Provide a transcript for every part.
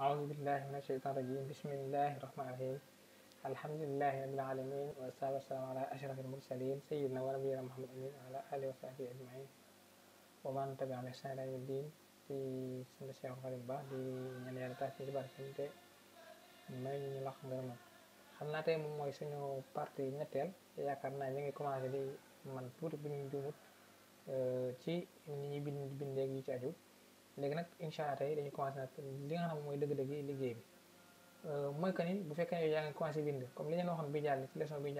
أعوذ بالله من الشيطان الرجيم بسم الله الرحمن الرحيم الحمد لله رب العالمين والصلاة والسلام على أشرف المرسلين سيدنا ونبينا محمد أمين على آله وصحبه أجمعين ومن تبع الإحسان إلى الدين في سنة الشيخ خالد باه في يعني من يرتاح في جبار سنة من يلاق غير من خلنا تي موي سنو بارتي نتيل يا كارنا نيغي كوماسي دي من بوت آه، بن دوموت تي ني بن بن ديك léegi nag incha allah tey dañu commencé li nga xam ne mooy dëgg-dëgg liggéey bi euh, mooy que ni bu fekkee ne yaa ngi commencé bind comme li ngeen waxoon bi jàll ci leçon bi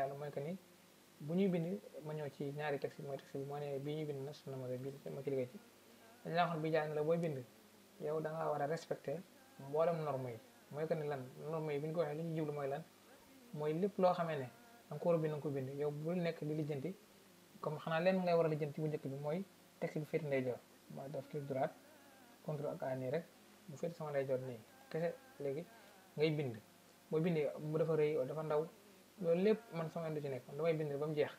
mooy ñuy bind ma ñëw ci ñaari texte bi mooy bii bi ma ci liggéey bi jàll la booy bind yow da ngaa war a respecté mboolem yi mooy que ni lan norme yi bi ñu ko waxee li ñu jublu mooy lan mooy lépp loo xamee ne da nga ko war a bind nga ko bind yow bul nekk di lijjanti comme xanaa leen ngay war a lijjanti bu njëkk bi mooy texte bi féete ndeyjoor mooy daf kii droite contrôle ak A nii rek bu fekkee sama lay jot nii kese léegi ngay bind boo bindee dafa rëy loolu lépp man sama yoon du ci nekk damay bind ba mu jeex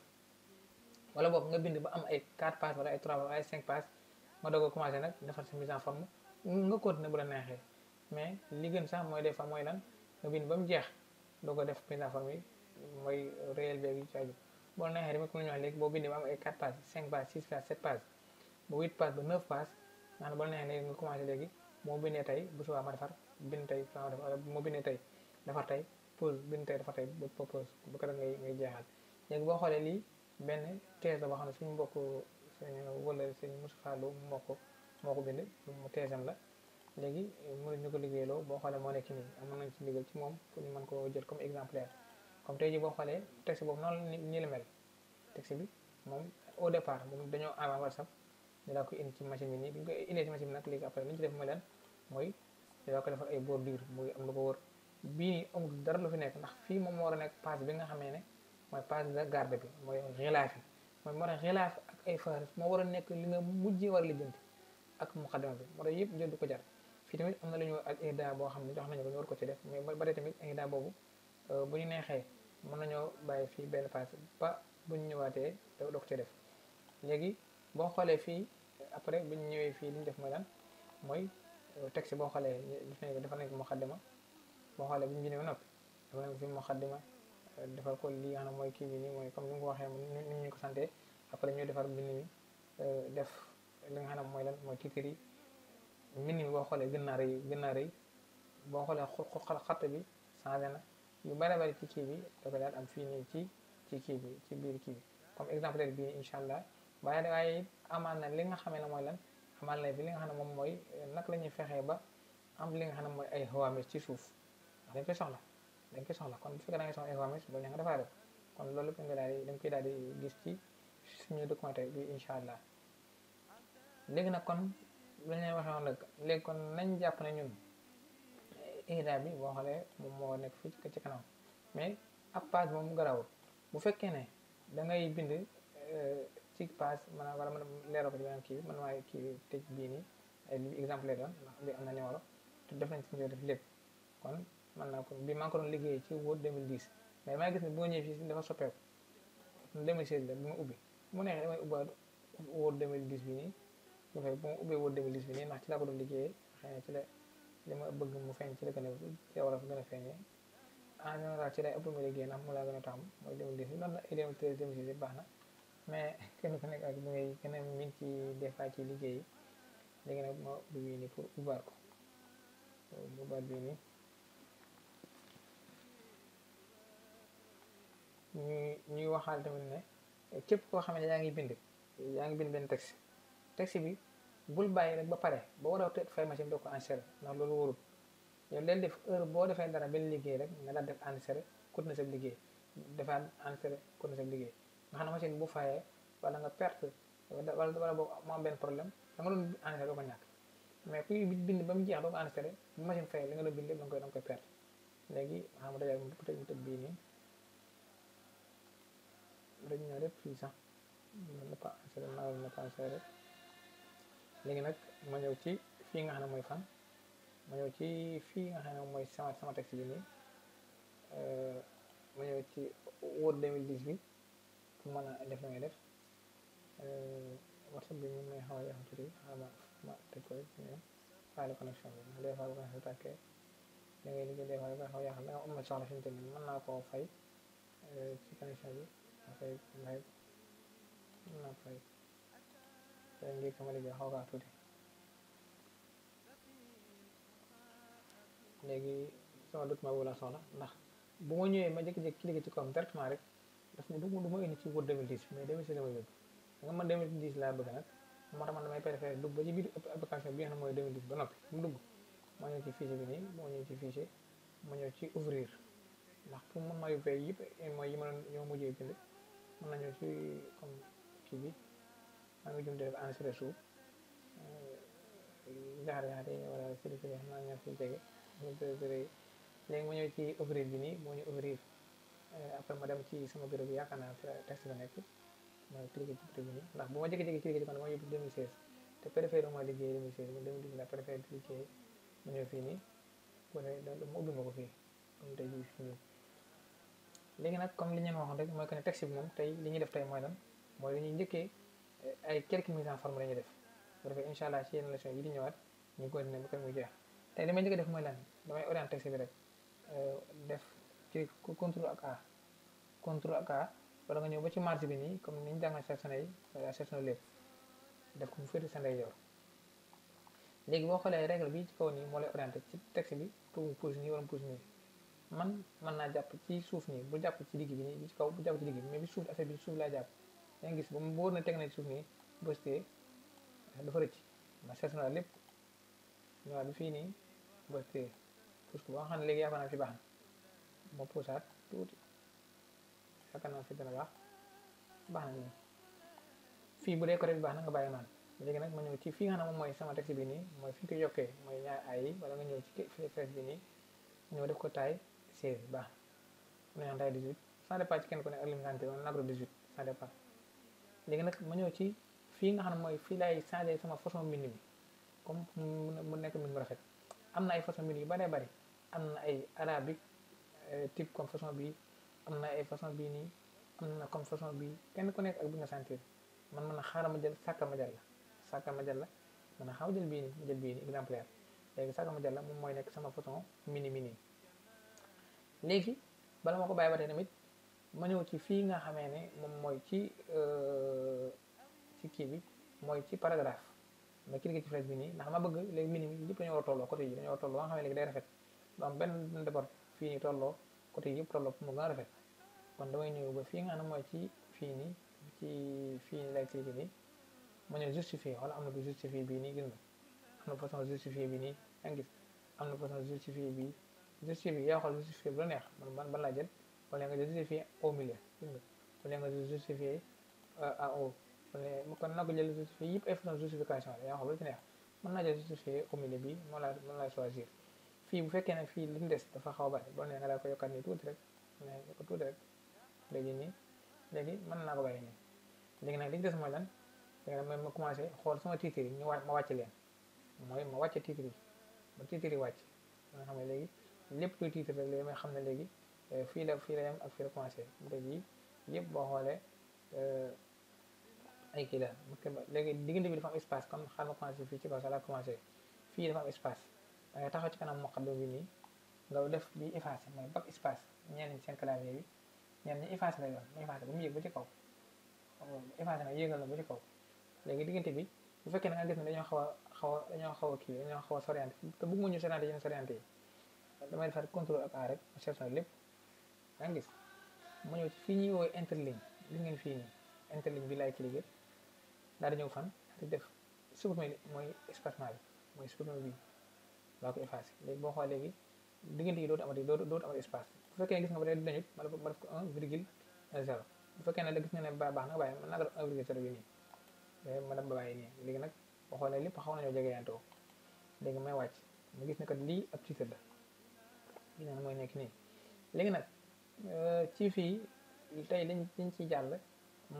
wala boog nga ba am ay 4 pages wala ay 3 wala ay 5 pages nga doog a commencé nag defar sa mise en forme nga mais li gën sax mooy des fois mooy lan ba mu jeex doog a def mise en forme yi yu ci aju ko ñu wax léegi boo bindee ba am ay 4 pages 5 maanaam boo nee ne commencé léegi moo bindee tey bu subaa ma defar bind tey ma defar wala moo bindee tey defar tey pause bind tey defar tey ba pause boo xoolee lii benn thèse la boo suñu mbokk suñu wala suñu Moustapha Lo moo ko moo ko bind mu thèse la ñu ko liggéeyloo boo xoolee moo nekk nii amoon nañ ci ndigal ci moom pour ñu mën ko jël comme exemplaire comme tey jii boo xoolee texte boobu noonu nii la mel texte bi moom au départ dañoo avant WhatsApp dinaa ko indi ci machine bi nii bi ñu ko indee ci machine mooy lan mooy dinaa ko defal ay bordure muy am lu ko wër bii nii amul dara lu fi nekk ndax fii moom moo war a nekk passe bi nga xamee ne mooy passe de mooy xilaaf yi mooy moo tax xilaaf ay faris moo war a nekk li nga mujjee war a lijjanti ak muqaddama bi moo tax yëpp jënd ko jar fii tamit am na lu ñu ak ida boo xam ne jox nañu ko ñu war ko ci def mais ba tey tamit ida boobu euh, bu ñu neexee mën nañoo bàyyi fii benn passe ba bu ñu ñëwaatee doo ko ci def léegi boo xoolee fii après bu ñu ñëwee fii li ñu def mooy lan mooy euh, texte boo xoolee def nañ ko defal nañ ko boo xoolee bu ñu bindee ba noppi def nañ ko fi muqaddima euh, defal ko li mooy kii bi nii mooy comme ni ko waxee ni ñu ko santee après ñu defar mbind mi euh, def li nga xam ne mooy lan mooy titre yi mbind mi boo xoolee gën naa rëy gën naa rëy boo xoolee xatt bi changé na yu bari bari ci kii bi da ko daal am fii nii ci ci kii bi ci biir kii bi comme exemple bii incha allah waaye waaye it amal li nga xamee ne mooy lan amal na bi li nga xam ne moom mooy nag la ñuy fexee ba am li nga xam ne mooy ay hawaamis ci suuf ndax dañ koy soxla dañ koy soxla kon bu fekkee da ngay soxla kon loolu lépp nga daal di dañ koy gis ci suñu documentaire bi incha allah léegi nag kon la ñuy kon nañ jàpp ne ñun IHDA bi boo xoolee moom moo nekk fii ci kanam mais ab page moom garawul bu fekkee bind euh, fig page maanaam wala mën a leeral ko ci beneen kii bi man waaye kii li exemple lay bi am na numéro te def nañ ci ñëw def lépp kon man naa ko bi maa ko doon liggéey ci Word 2010 mais maa ma ubbi mu neexee damay ubbaat Word 2010 bi nii bu fekkee bu ma ubbee Word 2010 bi nii ndax ci laa ko doon liggéeyee xëy na ci la li ma bëgg mu feeñ ci la gën a ci la war a gën a feeñee en général ci lay ëpp ma liggéey ndax mu laa gën a taxam mooy 2010 noonu la 2013 2016 baax na mais kenn ku nekk ak bi ngay gën a min ci des ci liggéey léegi nag ma ubbi bii ni pour ubar ko ubar ñuy ñuy waxaal tamit ne képp koo xam ne yaa ngi bind yaa ngi bind benn texte texte bi bul bàyyi rek ba pare ba war a tëj fay machine doo ko enregistrer ndax loolu wóorul yow leen def heure boo defee dara benn liggéey rek nga daan def enregistrer kut na sa liggéey defaan enregistrer kut na sa liggéey nga xamante ni bu fayé wala nga perte wala wala boog mu am ben problème da nga doon enregistré do ko ñak mais kuy bind ba mu jeex doo ko enregistré bu machine fayé li nga do bind lépp da nga koy da koy perte légui xam nga dajal mu tëj mu tëj bii nii dañu ñëw rek fii sax mën na pas enregistré mën na pas enregistré ma ñew ci fi nga xam moy fan ma ñew ci fi nga xam moy sama sama texte bi euh ma ñew ci Word 2018 معنى ألف من ألف WhatsApp बीमिंग में हमारे यहाँ चली रिक्वायर्ड में file connection में ले file connection ताकि नहीं नहीं ले फाइल का हो या हमें उनमें चार ऑप्शन चलने में ना को फाइल की कनेक्शन भी फाइल फाइल ना फाइल तो इंग्लिश हमारे यहाँ होगा टुडे लेकिन सॉल्यूट में बोला सोना ना बोन्यो में जब जब किले कितु कंपेयर मारे daf ne dugg du ma indi ci wóor 2010 mais 2010 la ma yóbbu nga man 2010 laa bëgg nag moo tax man damay préféré dugg ba ci biir application bi nga xam mooy 2010 ba noppi mu dugg moo ñëw ci fichier bi nii moo ñëw ci fichier ma ñëw ci ouvrir ndax pour mën maa yóbbee yëpp eh, mooy yi ma doon ñoo mujjee bind mën na ñëw ci comme kii bi maa ngi jum def enregistré suuf eh, jaxar-jaxar yi wala sëriñ sëriñ xam naa ñaar suñu tege léegi ma ñëw ci ouvrir bi nii moo ñu ouvrir après ma dem ci sama bureau bi yaakaar naa fi texte bi nekk ma cliqué ci bureau bi nii ndax bu ma jékki-jékki cliqué ci kon moo yóbbu 2016 te préfet dama liggéey 2016 man 2016 la ko fii comme tey léegi nag comme li ñu waxoon rek mooy que ne texte bi tey li ñuy def tey mooy lan mooy li ñuy njëkkee ay quelques mises en forme la ñuy def bu defee incha allah ci yenn leçon yi di ñëwaat ñu mu ko kër muy jeex tey li may njëkk def mooy lan damay orienté texte bi rek ci contrôle ak a contrôle ak a wala nga ñëw ba ci marge bi nii comme niñ jàngal section yi section lépp def ko mu féete sa ndey yor léegi boo xoolee règle bi ci kaw nii moo lay orienté ci texte bi tuubu pouce nii wala pouce nii man mën naa jàpp ci suuf nii bu jàpp ci digg bi nii bi ci kaw bu jàpp ci digg bi mais bi suuf affaire bi suuf laa jàpp da nga gis ba mu wóor na teg na ci suuf nii bëstee dafa rëcc ma seet naa lépp ñëwaat bi fii nii bëstee pouce ko ba nga xam ne léegi yaakaar naa fi baax na ma puusaat tuuti yaakaar naa fi dana baax baax na nii fii bu dee côté bi baax na nga bàyyi léegi nag ci fii mooy sama texte bi nii mooy fi ñu ko mooy ñaar ay yi wala nga ñëw ci fii bi nii ñëw def ko taille 16 baax na ñoo taille 18 ça ci kenn ku ne ak lim santé wala léegi nag ma ñëw ci fii nga xam ne mooy fii laay changé sama façon mbind comme mu nekk mbind mu rafet am na ay façon mbind yu bëree bëri am na ay arabique Eh, type comme façon bi am na ay façon bii nii am na comme façon bi kenn ku ak bi nga sentir man mën a xaaral ma jël sàkka ma jël la sàkka ma jël la mën a xaaral ma jël bii nii bii nii exemplaire léegi sàkka ma jël moom mooy nekk sama façon mini mini léegi bala ma ko bàyyi ba tamit ma ñëw ci fii nga xamee ne moom mooy ci euh, ci kii bi mooy ci paragraphe ma cliquer ci flèche bi nii ndax ma bëgg léegi mini mi dañoo a tolloo côté yi dañoo war a tolloo ba nga xam ne léegi day rafet du benn débord fii nii tolloo côté yëpp tolloo pour mu gën a rafet kon damay ñëw ba fii nga xam ne mooy ci fii nii ci fii nii lay cliqué nii ma ñëw justifier wala am na bu justifier bii nii gis nga am na façon justifier bii nii yaa la neex man ban ban laa jël wala nga justifier au milieu euh, bi moo laa choisir fii bu fekkee nag fii li mu des dafa xaw bari boo nee nga daal ko yokkaat nii tuuti rek ne ko tuuti rek léegi nii léegi naa ko bàyyi nii léegi nag li ñu des mooy lan léegi nag ma commencé xool sama titre yi ñu ma wàcc leen mooy ma wàcc titre yi ma wàcc nga xam ne léegi lépp luy titre rek léegi may xam ne léegi euh, fii la fii la yem ak fii la commencé léegi yëpp boo xoolee euh, ay kii la léegi diggante bi dafa am espace comme fii ci kaw sax la commencé fii dafa am espace da ngay taxaw ci kanam muqaddam bi nii nga def bi effacé mooy back espace ñenn ñi seen clavier bi ñenn ñi effacé lay doon effacé ba mu yéeg ba ci kaw effacé na yéegal na ba ci kaw léegi diggante bi bu fekkee da nga gis ne dañoo xaw a xaw a dañoo xaw a kii dañoo xaw a soriante te bëgg mu ñu soriante yéen soriante yi damay defar contrôle ak A rek mu cherche lépp da nga gis mu ñëw fii ñuy woowee interligne li ngeen fii nii interligne bi laay cliquer daal di ñëw fan di def supprimer mooy espacement bi mooy supprimer bi laa ko effacé léegi xoolee léegi diggante yi dootu amati dootu dootu amati bu fekkee ne gis nga ba ko 1 bu fekkee ne gis nga ne ba baax na bàyyi mën naa ko def 1 virgule 0 eh, léegi nag boo xoolee lépp xaw nañoo jege yantoo léegi may wàcc mu gis ne kat lii ab titre la gis mooy nekk nii léegi nag euh, ci fii tey dañ dañ ciy jàll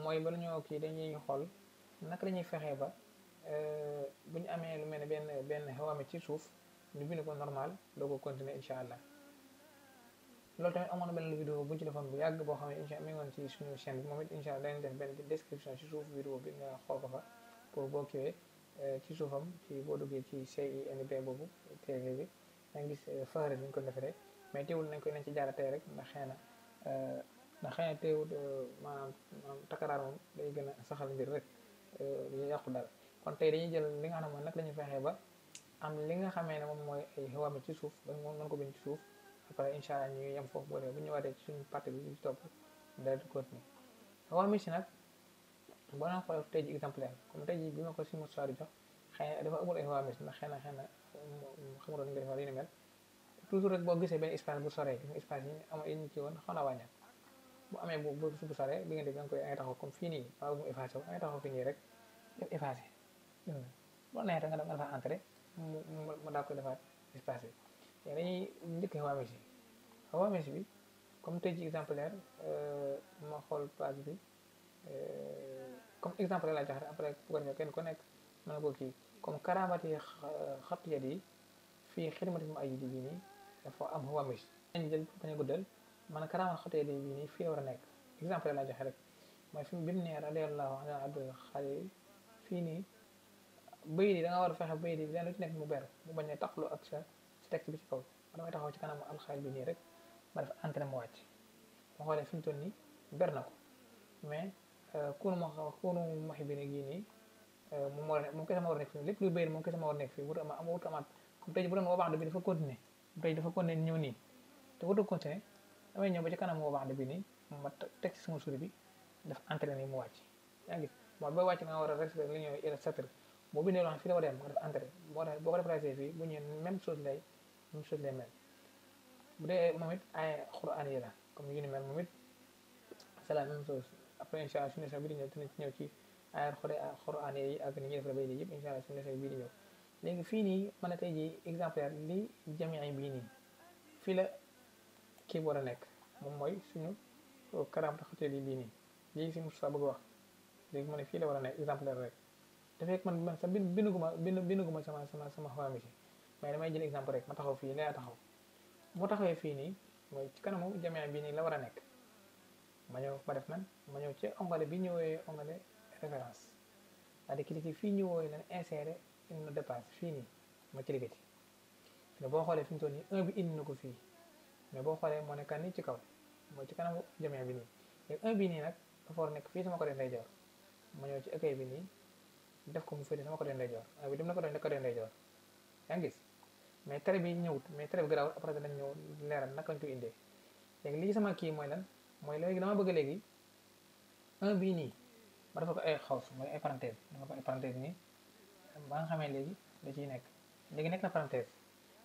mooy bala ñoo kii dañuy xool naka dañuy fexee ba euh, bu ñu amee lu mel ne benn benn xew amee ci suuf ñu bind ko normal doo ko continuer incha allah loolu tamit amoon na benn vidéo buñ ñu ci defoon bu yàgg boo xam ne incha allah mi ngoon ci suñu chaîne bi moom it incha allah danañ def benn description ci suuf vidéo bi nga boo kiwee euh, ci suufam ci boobu TV bi da nga gis euh, fëxëri bi ñu ko defaree mais teewul nañ koy nañ ci jaara tey rek ndax xëy na euh, ndax xëy na teewul ma takaraar moom day gën a saxal mbir rek yàqu dara kon tey dañuy jël li nga xam ne nag la ñu fexee ba am li nga xamee ne moom mooy ay xewaami ci suuf ba mën ko bind ci suuf après incha allah ñu yem ñu waree ci suñu partie bi ñu topp dara du continuer xewaami si nag boo naan xoolee tey ji exemplaire ko si moussa di xëy na dafa amul ay xewaami ndax xëy na xëy na xamuloon nga defar yu ni mel gisee benn espace bu soree espace yi am yi ñu ci woon xaw na wàññeeku bu amee bu bu bu soree bi da nga koy ay taxaw comme fii nii waaw bu mu effacé wu ay nii rek def effacé boo neexee nga dem nga dafa entré mu mu daa koy defaat espacé mais dañuy njëkk xaw a mèche xaw a bi comme tey ci exemplaire euh, ma xool page euh, comme exemplaire laa jox rek après bu ko defee kenn ku nekk mën na ko kii comme karaamati xat yat yi fii xidmati mu ay yi nii dafa am xaw a mèche. dañuy jël guddal man a nekk exemplaire laa jox fii nii. bayit yi da nga war a fexe bayit yi leen lu ci nekk mu beru mu a taxlu ak sa bi ci kaw ma damay taxaw ci kanam alxaal bi nii rek ma def entraîné mu wàcc ma xoolee fi mu toll nii ber na ko mais euh, kuunu ma kuunu maxi bi ne gii nii euh, moom moo moom kese ma war a nekk fii lépp luy bayit moom nekk fii wut ama wut amaat comme tey bu doon woo baax bi nii te wut a continuer damay ñëw ba ci kanam woo baax bi nii ma teg ci sama souris bi def entraîné mu wàcc yaa ngi mooy booy wàcc nga war a respecté li ñuy satr boo bindee loo xam fii la war a yem nga def entrée boo boo ko defee fii bu ñëwee même chose lay même chose lay mel bu dee moom it ay xuraan yi la comme yu ni mel moom it c'est la même chose après incha allah suñu leçon bi di ñëw dinañ ci ñëw ci ay xuraan yi ak ni ñuy def la bay yëpp incha allah suñu leçon bii di ñëw léegi fii nii mën a tey jii exemplaire li jamiay bii nii fii la kii war a nekk moom mooy suñu karaamta xoteel yi bii nii léegi si Moussa bëgg wax léegi mu ne fii la war a nekk exemplaire rek fekk man man sa bin binuguma bin binuguma sama sama sama xawaam si may damay jël exemple rek ma taxaw fi nee taxaw mo taxawé fi ni moy ci kanamu jamiya bi ni la wara nek ma ñëw ba def man ma ñëw ci onglet eh, bi ñëwee onglet référence da di cliquer fi ñu woowee leen insérer une dépense fi ni ma cliquer ci mais boo xoolee fi mu toll nii un bi indi na ko fii mais bo xolé mo nekkaan ni ci kaw moy ci kanamu jamiya bi ni léegi un bi nii nag dafa nek fi sama ko def côté jor ma ñëw ci accueil bi ni def ko mu féete sama côté ndeyjoor waaye bu dem na ko doon côté ndeyjoor yaa gis mais tere bi ñëwut mais tere bi garaawul après danañ ñëw leeral naka lañ koy indee léegi lii sama kii mooy lan mooy léegi dama bëgg léegi bii nii ma ay xaws mooy ay parenthèse dama ko nii ba nga xamee léegi da ciy nekk léegi nekk na parenthèse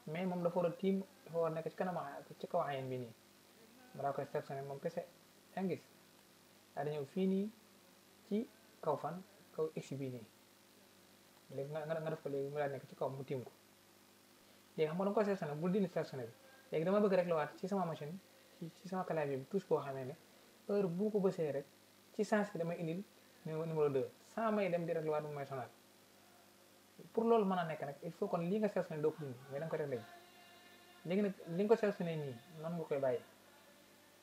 mais moom dafa war a tiim dafa war a nekk ci kanam ci kaw ayen bi nii ma daa koy sectionné moom kese yaa gis daa di ñëw fii nii ci kaw fan kaw x bi nii léegi nga nga def ko léegi mu daal nekk ci kaw mu tiim ko léegi xam nga da nga ko sélectionné bu dindi sélectionné bi léegi dama bëgg rek la waat ci sama machine ci sama clavier bi touche boo xamee ne heure bu ko bësee rek ci sens bi damay indil numéro 2 sans may dem di rek la waat mu may sonal pour loolu mën a nekk nag il faut kon lii nga sélectionné doo ko dindi mais da nga ko def léegi léegi nag li nga ko sélectionné nii noonu nga koy bàyyi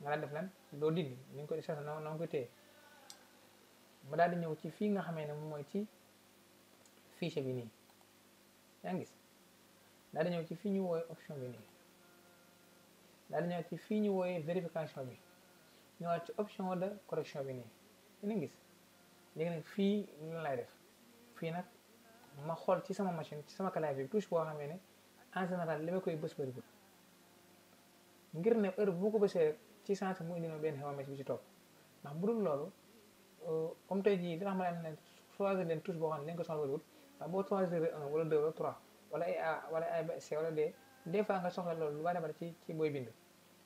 nga daal def lan doo dindi ni nga koy sélectionné noonu nga koy téye mu daal di ñëw ci fii nga xamee ne moom mooy ci fichier bi nii yaa ngi gis daal di ñëw ci fii ñu wooyee option bi ñëw ci fii ñu wooyee vérification bi ñëwaat ci option de correction bi nii yaa ngi gis léegi nag fii lan lay def fii nag ma xool ci sama machine ci sama clavier bi touche boo xamee ne en général li ma koy bës bëriwul ngir ne heure bu ko bësee rek ci sens mu indi ma benn xew message bi ci topp ndax bu dul loolu euh, comme tey jii dina xam ne choisir leen touche boo xam ne dañ ko soxla bëriwul waaw boo choisir un wala deux wala trois A wala ay C wala D des fois nga soxla loolu lu bari bari ci ci booy bind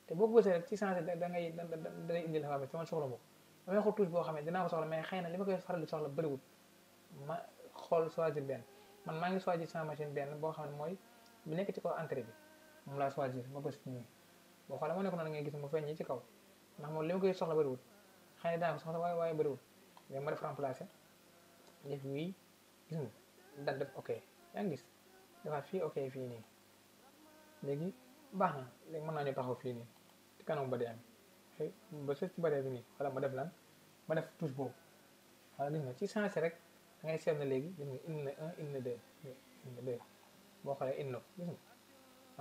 te boo ko bësee rek ci changé da ngay da ngay indil xabaar bi te man soxla ma boo xam ne dinaa ko soxla mais xëy na li ma koy faral di soxla bëriwul ma xool choisir benn man maa ngi choisir sama machine benn boo xam ne mooy bi nekk ci kaw entrée bi moom laa choisir ma bës nii boo xoolee ma nekk noonu ngay gis mu feeñ ci kaw ndax moom li ma koy soxla bëriwul xëy na dinaa ko soxla waaye waaye bëriwul mais ma def remplacé def wii gis nga dal def ok yaa ngi gis defaat fii ok fi ni legi bax na legi mën kan naa ñu taxaw fi ni ci kanam ba dee am ba sa ci baree bi ni wala ma def lan ma def touche bo wala ni nga ci sensé rek da ngay sen legi léegi ni nga eh, indi na un indi na deux indi na deux boo xoolee indi gis nga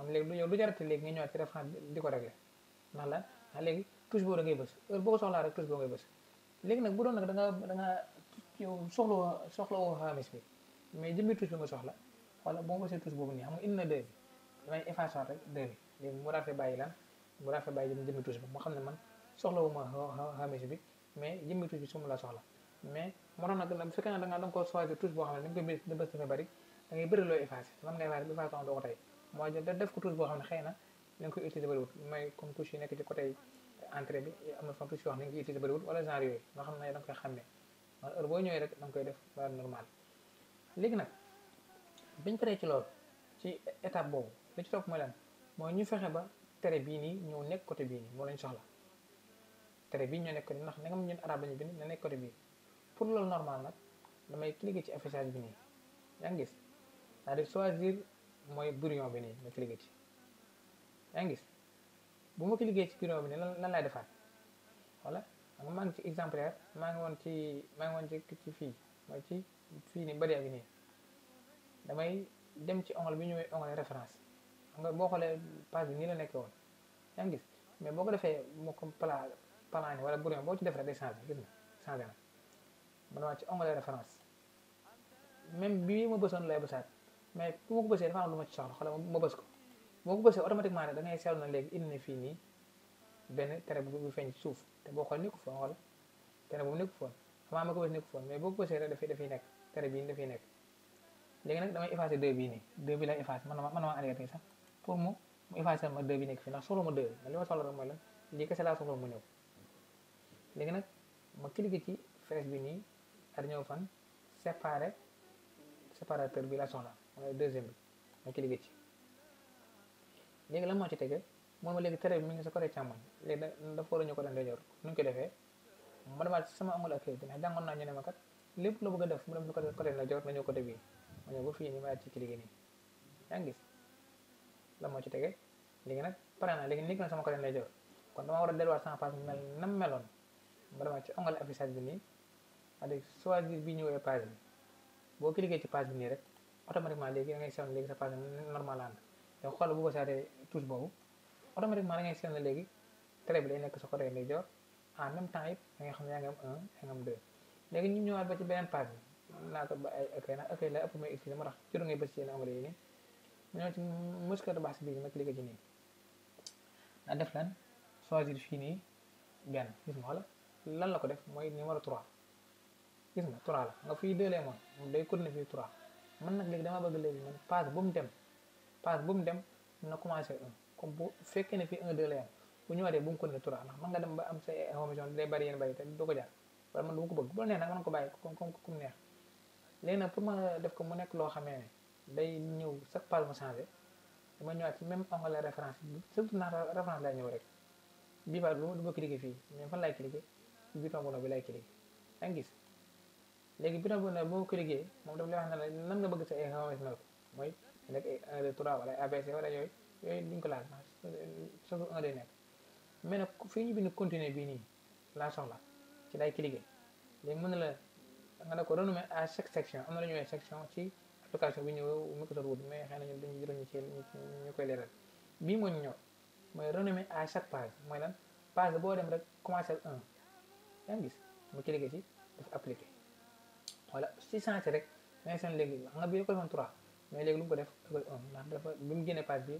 am legi léegi yow du jarati legi nga ñëwaat ci référence diko régler ya. réglé nah, la nah, lan legi touche bo da ngay eh, bëss heure boo ko soxlaa rek touche bo ngay bëss legi nak bu doon nak da nga da nga yow soxlo soxlo woo bi mais jëmmi touche bi nga soxla wala boo mosee touche boobu nii xam nga indi na deux bi damay effacer rek deux bi mu rafet bàyyi la soxla mais moo tax nag bu fekkee ne da ko man nga effacer doo ko tey mooy def ko touche boo xam ne xëy na nga koy utiliser bëriwul mooy genre yooyu nga xam ne da koy xàmmee man heure boo ñëwee rek da koy def wala normal léegi nag biñ paree ci lool ci étape boobu li ci topp mooy lan mooy ñu fexe ba tere bii nii ñëw nekk côté bii nii moo lañ soxla tere bii ñoo nekk côté ndax nangam ñun arab lañu bind na nekk côté bii pour loolu normal nag damay cliquer ci affichage bi nii yaa ngi gis daa di choisir mooy brouillon bi nii ma cliquer ci yaa ngi gis bu ma liggéey ci brouillon bi nii lan lan laay defaat voilà maa ngi ci exemplaire maa ngi woon ci maa ngi woon ci fii mooy ci fii nii bëri ak nii damay dem ci onglet bi ñuy onglet référence xam nga boo xoolee page bi nii la nekkee woon yaa ngi gis mais boo ko defee mu comme plan plan wala brouillon boo ci def rek day changé gis nga changé na man waa ci onglet référence même bii lay bësaat mais bu ko bësee dafa am lu ma ci soxla xoolal ma bës ko boo ko bësee automatiquement ne da na léegi indi na fii nii benn tere bu feeñ ci suuf te boo xoolee nekku foon xool tere boobu nekku foon xamaa ma ko bës nekk fóon mais boo ko bësee rek dafay dafay nekk tere bii dafay nekk léegi nag damay effacé deux bii nii deux bi lay effacé man ma man ma arrêté sax pour mu mu effacé ma deux bi nekk fii ndax soxla ma deux man laa soxla mu ñëw léegi nag ma cliqué ci flèche bi nii ar ñëw fan séparé séparateur bi la soxla mooy deuxième bi ma cliqué ci léegi lan moo ci tege moom léegi tere bi mu ngi sa côté càmmoñ léegi da dafa war a ñëw ko daan ndeyjoor nu ñu ko defee ma demaat sama amul ak kayit ndax jàngoon naa ñu ne ma kat lépp lu bëgg a def mu dem du côté côté la jor nañu côté bii ma ñëw ba fii nii ma ci cliquer nii yaa ngi gis la moo ci tege léegi nag pare na léegi nekk na sama côté lay jor kon dama war a delluwaat sama page mel nam meloon ma demaat ci onglet affichage bi nii avec choisir bi ñëwee page bi boo cliquer ci page bi nii rek automatiquement léegi da ngay seetlu léegi sa page normal ànd donc xool bu ko saatee touche boobu automatiquement da ngay seetlu léegi télé bi day nekk sa côté lay jor en même temps yëpp da nga xam ne yaa ngi am un léegi ñu ñëwaat ba ci beneen page bi naa ko ba ay ok nag ok la ëpp may utiliser moo tax juru ngay bës ci yenn onglet yi nii mu ñëw ci la ko def mooy numéro 3 gis nga 3 la nga fii deux lay moom day continuer fii 3 man nag léegi bu mu dem page bu mu dem na commencé un comme bu fekkee ne fii un deux lay bu ñëwaatee bu mu continuer turam ndax mën nga dem ba am sa information day bari yéen bari te doo ko jaar wala man du ma ko ma def ko mu nekk loo xamee ne day ñëw chaque page mu changé dama ñëwaat ci même onglet référence surtout ndax référence lay ñëw rek bii ba du ma cliqué fii mais fan laay cliqué bouton bu ndaw bi laay cliqué da nga gis léegi bouton bu ndaw moom daf lay lan nga bëgg sa information mooy nekk 1 2 3 wala ABC yooyu yooyu duñ ko laal sauf 1 day mais nag fii ñu bind continuer bii nii laa soxla ci lay cliquer léegi mën na la nga ne ko renommé à chaque section am na la ñuy section ci application bi ñëw Microsoft Word mais xëy na ñun dañuy bii moo ñu ñëw mooy renommé à chaque page mooy lan page boo dem rek commencé ak 1 yaa ngi gis mu cliquer ci def appliqué voilà si changé rek da ngay seen léegi xam nga bii dafa defoon 3 mais léegi lu mu ko def a 1 ndax dafa bi mu génnee page bi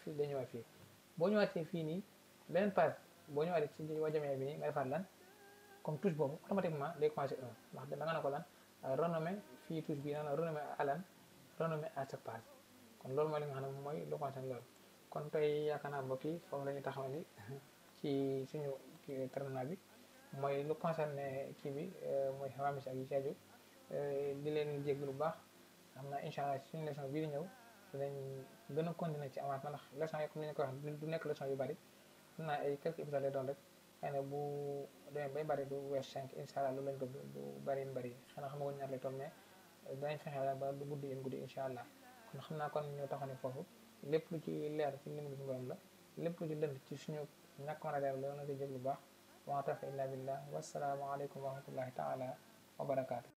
fii dañu ñëwaat fii boo ñëwaatee fii nii. beneen passe boo ñëwaat ci li waa jamee bi nii nga defaat lan comme touche boobu automatiquement day commencé 1 ndax da nga ne ko lan renommé fii touche bi naan renommé à lan renommé à kon loolu mooy li nga xam ne mooy lu kon tey yaakaar naa mbokk yi foofu la ñuy taxawandi ci suñu traitement bi mooy lu concerne kii bi mooy xawamis yi ci aju di leen jégg lu baax xam naa incha allah suñu leçon bii di ñëw dinañ gën a continuer ci avancement ndax leçon ko wax du nekk leçon yu bari xam naa ay quelques épisodes lay doon bu demee bay bëri du weesu cinq incha allah loolu lañ bëgg bu bëri bëri xanaa xam nga woon ñaar lay toll mais incha allah kon xam naa kon ñu taxaw ne foofu lépp lu ci leer ci lim bi la lépp lu ci lënd ci suñu ñàkkoon a leer la yoon na ko jëg lu baax wa tawfiq illa billah wasalaamu aleykum wa rahmatullahi taala wa barakaatu